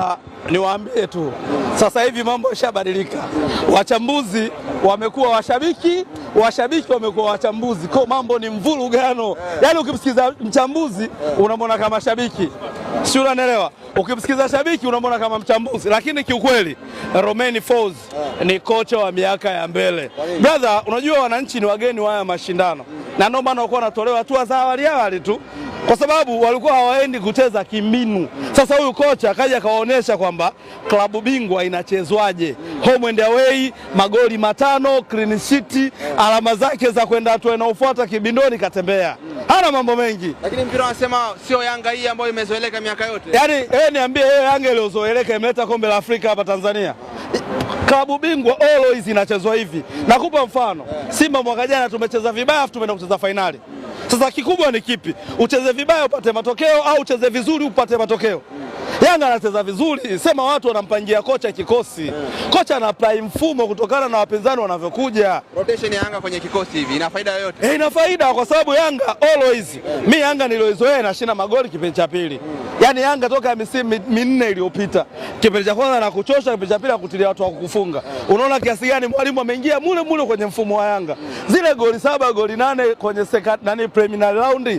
Ah, niwaambie tu sasa hivi mambo yashabadilika, wachambuzi wamekuwa washabiki, washabiki wamekuwa wachambuzi, kwa mambo ni mvurugano. Yaani ukimsikiza mchambuzi unamwona kama shabiki si unanielewa? ukimsikiza shabiki unamwona kama mchambuzi, lakini kiukweli Romain Folz eh. ni kocha wa miaka ya mbele brother. Unajua wananchi ni wageni wa haya mashindano na ndio maana walikuwa wanatolewa hatua za awali awali tu kwa sababu walikuwa hawaendi kucheza kimbinu Sasa huyu kocha akaja akawaonyesha kwamba klabu bingwa inachezwaje home and away, magoli matano, clean sheet eh. alama zake za kwenda hatua inaofuata kibindoni katembea hana mambo mengi, lakini mpira wanasema sio Yanga hii ambayo imezoeleka miaka yote. Yaani yeye eh, niambie, hiyo eh, Yanga iliyozoeleka imeleta kombe la Afrika hapa Tanzania? Klabu bingwa always inachezwa hivi. Nakupa mfano, eh. Simba mwaka jana tumecheza vibaya afu tumeenda kucheza fainali. Sasa kikubwa ni kipi? Ucheze vibaya upate matokeo au ucheze vizuri upate matokeo? Yanga anacheza vizuri, sema watu wanampangia kocha kikosi. Kocha ana prime mfumo kutokana na wapinzani wanavyokuja. Rotation ya Yanga kwenye kikosi hivi ina faida yoyote? Eh, ina faida kwa sababu Yanga always, mi Yanga nilioizoea inashinda magoli kipindi cha pili. Mm. Yaani Yanga toka misimu minne iliyopita, kipindi cha kwanza na kuchosha, kipindi cha pili akutilia watu wa kufunga. Unaona kiasi gani mwalimu ameingia mule mule kwenye mfumo wa Yanga, mm. zile goli saba goli nane kwenye second nani preliminary round yeah.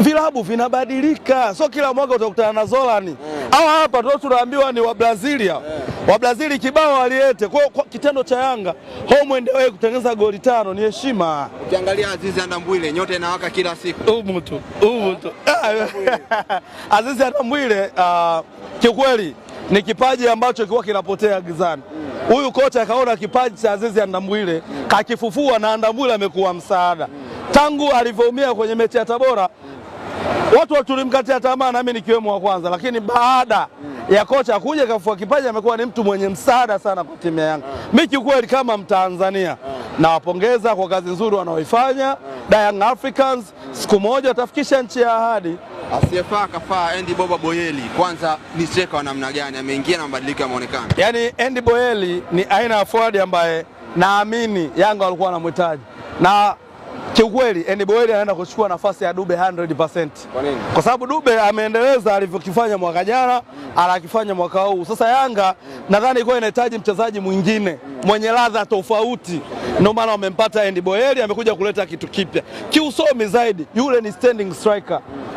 Vilabu vinabadilika, so kila mwaka utakutana na Zolan hawa yeah. Hapa tu tunaambiwa ni wa Brazilia yeah. wa Wabrazili kibao waliete kwa, kwa kitendo cha Yanga home and away kutengeneza goli tano ni heshima. Ukiangalia Azizi Andambwile nyote inawaka kila siku umutu umutu Azizi Andambwile uh, ah, kiukweli ni kipaji ambacho kilikuwa kinapotea gizani. Mm. Huyu kocha akaona kipaji cha Azizi Andambwile mm. kakifufua, na Andambwile amekuwa msaada. Mm tangu alivyoumia kwenye mechi ya Tabora mm. watu tulimkatia tamaa, nami nikiwemo wa kwanza, lakini baada mm. ya kocha kuja kafua kipaji, amekuwa ni mtu mwenye msaada sana kwa timu ya Yanga. Mimi kiukweli kama Mtanzania nawapongeza kwa kazi nzuri wanaoifanya Young Africans. Siku moja watafikisha nchi ya ahadi. Asiyefaa kafaa. Andy Boba Boyeli kwanza ni cheka wa namna gani? Ameingia na mabadiliko yameonekana. muonekano, yaani Andy Boyeli ni aina ya forward ambaye naamini Yanga walikuwa wanamhitaji na kiukweli Eniboeli anaenda kuchukua nafasi ya Dube 100%. Kwa nini? Kwa sababu Dube ameendeleza alivyokifanya mwaka jana, mm. alakifanya mwaka huu. Sasa Yanga mm. nadhani ilikuwa inahitaji mchezaji mwingine mm. mwenye ladha tofauti, ndio maana wamempata Eniboeli, amekuja kuleta kitu kipya kiusomi zaidi. Yule ni standing striker mm.